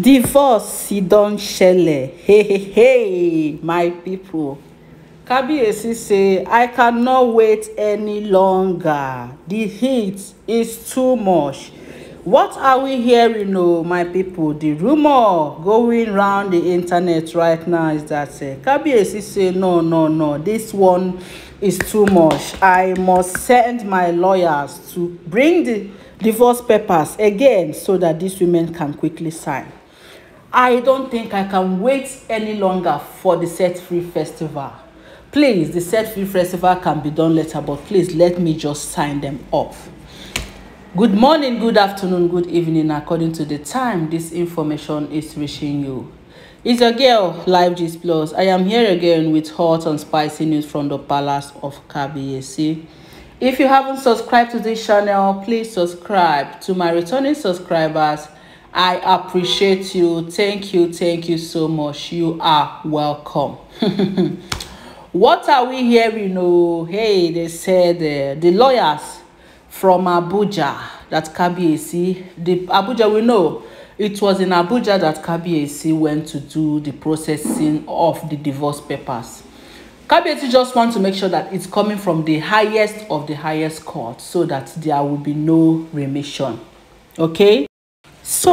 divorce e don shele hey hey hey my people kabiyesi say i cannot wait any longer the heat is too much what are we hearing o oh, my people the rumour going round the internet right now is that uh, eh, kabiyesi say no no no this one is too much i must send my lawyers to bring the divorce papers again so that these women can quickly sign I don't think I can wait any longer for the Set Free Festival. Please, the Set Free Festival can be done later, but please let me just sign them off. Good morning, good afternoon, good evening, according to the time this information is reaching you. It's your girl, Live Gist Plus. I am here again with hot and spicy news from the Palace of Kabiyesi. If you haven't subscribed to this channel, please subscribe. To my returning subscribers, I appreciate you. Thank you. Thank you so much. You are welcome. What are we hearing? Oh, hey, they said uh, the lawyers from Abuja that Kabiyesi, the Abuja we know, it was in Abuja that Kabiyesi went to do the processing of the divorce papers. Kabiyesi just want to make sure that it's coming from the highest of the highest court so that there will be no remission. Okay?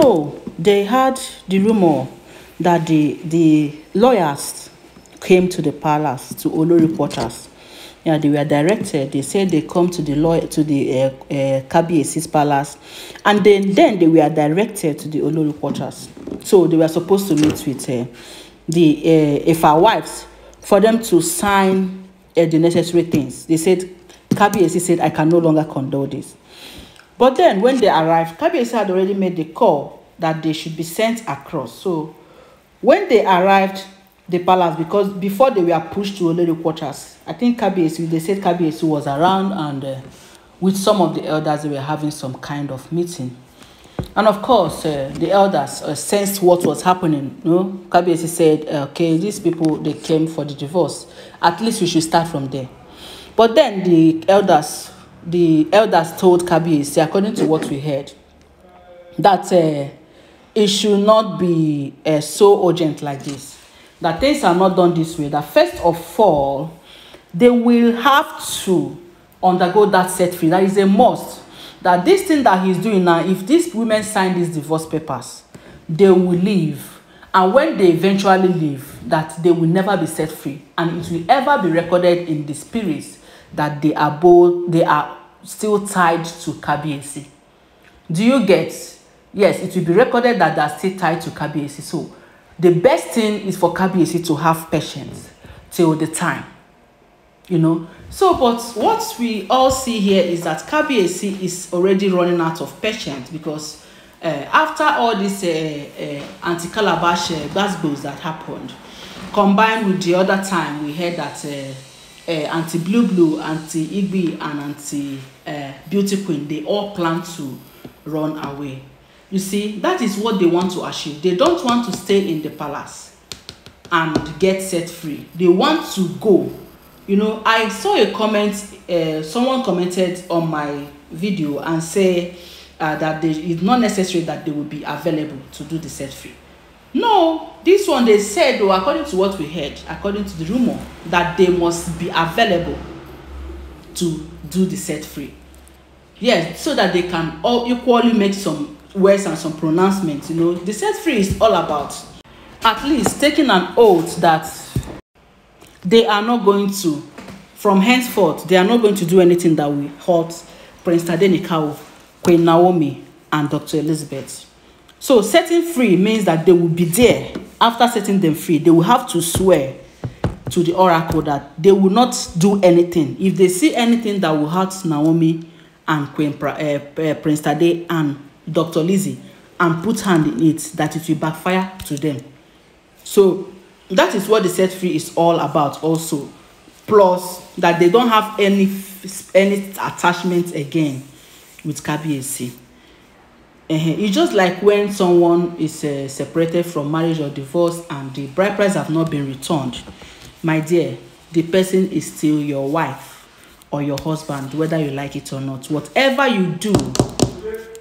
So they had the rumor that the, the lawyers came to the palace, to Olori quarters. Yeah, they were directed. They said they come to the law to the uh, uh, Kabiesi's palace, and then then they were directed to the Olori quarters. So they were supposed to meet with uh, the uh, Efa wives for them to sign uh, the necessary things. They said Kabiesi said I can no longer condole this. But then when they arrived, Kabiyesi had already made the call that they should be sent across. So when they arrived, the palace, because before they were pushed to Olori quarters, I think Kabiyesi, they said Kabiyesi was around and uh, with some of the elders, they were having some kind of meeting. And of course, uh, the elders uh, sensed what was happening. You no, know? Kabiyesi said, uh, okay, these people, they came for the divorce. At least we should start from there. But then the elders the elders told Kabiyesi, according to what we heard, that uh, it should not be uh, so urgent like this, that things are not done this way, that first of all, they will have to undergo that set free. That is a must. That this thing that he's doing now, if these women sign these divorce papers, they will leave. And when they eventually leave, that they will never be set free. And it will ever be recorded in the spirits that they are both they are still tied to KBAC. Do you get? Yes, it will be recorded that they are still tied to KBAC. So the best thing is for KBAC to have patience till the time. You know. So, but what we all see here is that KBAC is already running out of patience because uh, after all this, uh, uh, anti-calabash uh, that happened, combined with the other time we heard that. Uh, uh, eh, Auntie Blue Blue, Auntie Igby, and Auntie uh, Beauty Queen, they all plan to run away. You see, that is what they want to achieve. They don't want to stay in the palace and get set free. They want to go. You know, I saw a comment, uh, someone commented on my video and say uh, that they, it's not necessary that they will be available to do the set free. No, this one they said, though, according to what we heard, according to the rumor, that they must be available to do the set free. Yes, so that they can all equally make some words and some pronouncements. You know, the set free is all about at least taking an oath that they are not going to, from henceforth, they are not going to do anything that will hurt Prince Tadenikawa, Queen Naomi, and Dr. Elizabeth. So setting free means that they will be there. After setting them free, they will have to swear to the oracle that they will not do anything. If they see anything that will hurt Naomi and Queen pra uh, Prince Tade and Dr. Lizzie and put hand in it, that it will backfire to them. So that is what the set free is all about also. Plus that they don't have any any attachment again with KBAC uh-huh. it's just like when someone is uh, separated from marriage or divorce and the bride price have not been returned my dear the person is still your wife or your husband whether you like it or not whatever you do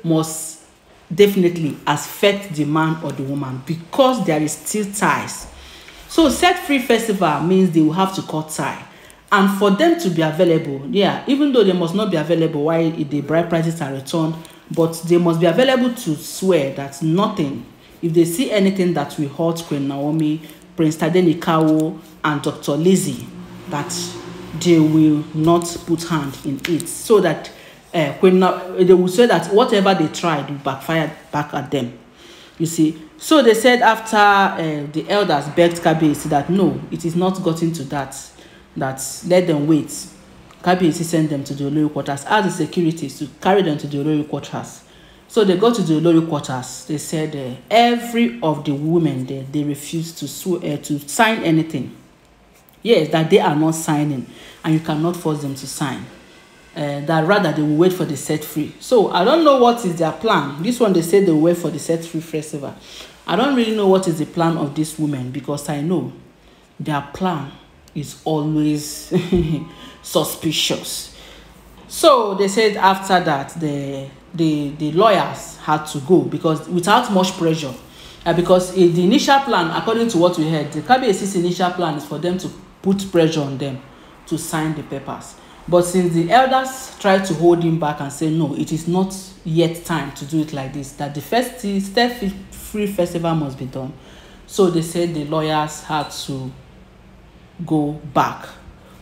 must definitely affect the man or the woman because there is still ties so set free festival means they will have to cut tie and for them to be available yeah even though they must not be available while the bride prices are returned but they must be available to swear that nothing, if they see anything that will hurt Queen Naomi, Prince Tade Nikawo, and Dr. Lizzie, that they will not put hand in it so that uh, Queen Na- they will say that whatever they tried will backfire back at them. You see, so they said after uh, the elders begged Kabiyesi that no, it is not gotten to that, that let them wait Kabiyesi sent them to the Olori quarters, asked the securities to carry them to the Olori quarters. So they go to the Olori quarters. They said uh, every of the women there, they refuse to, swear, uh, to sign anything. Yes, that they are not signing and you cannot force them to sign. Uh, that rather they will wait for the set free. So I don't know what is their plan. This one they say they wait for the set free festival. I don't really know what is the plan of these women because I know their plan is always suspicious so they said after that the the the lawyers had to go because without much pressure uh, because uh, the initial plan according to what we heard the kbacc's initial plan is for them to put pressure on them to sign the papers but since the elders tried to hold him back and say no it is not yet time to do it like this that the first step free festival must be done so they said the lawyers had to go back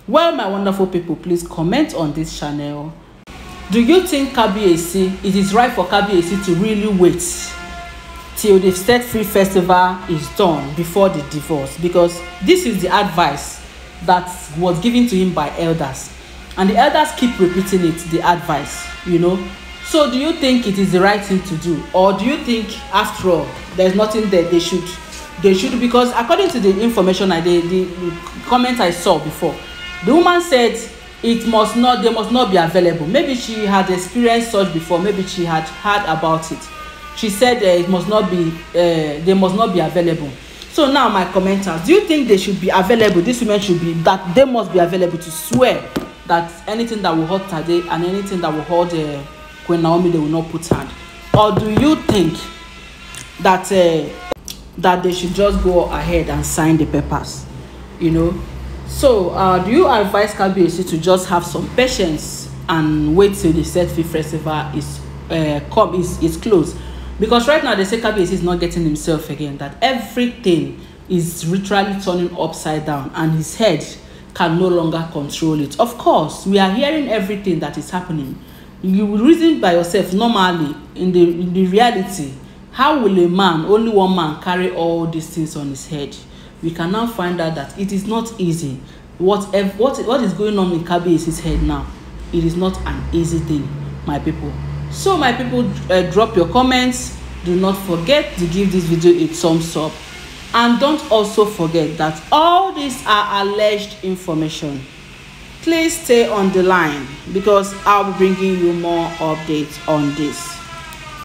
well my wonderful people please comment on this channel do you think KBAc it is right for KBAc to really wait till the state free festival is done before the divorce because this is the advice that was given to him by elders and the elders keep repeating it the advice you know so do you think it is the right thing to do or do you think after all there's nothing that they should they should because according to the information i the, the comment i saw before the woman said it must not they must not be available maybe she had experienced such before maybe she had heard about it she said uh, it must not be uh, they must not be available so now my commenters do you think they should be available This woman should be that they must be available to swear that anything that will hurt Tade and anything that will hurt uh, Queen Naomi they will not put hand or do you think that uh, that they should just go ahead and sign the papers you know so uh, do you advise kbac to just have some patience and wait till the set fee festival is uh, come is is closed because right now they say kbac is not getting himself again that everything is literally turning upside down and his head can no longer control it of course we are hearing everything that is happening you reason by yourself normally in the in the reality how will a man only one man carry all these things on his head we can now find out that it is not easy what what what is going on in kabiyesi's head now it is not an easy thing my people so my people uh, drop your comments do not forget to give this video a thumbs up and don't also forget that all these are alleged information please stay on the line because i'll be bringing you more updates on this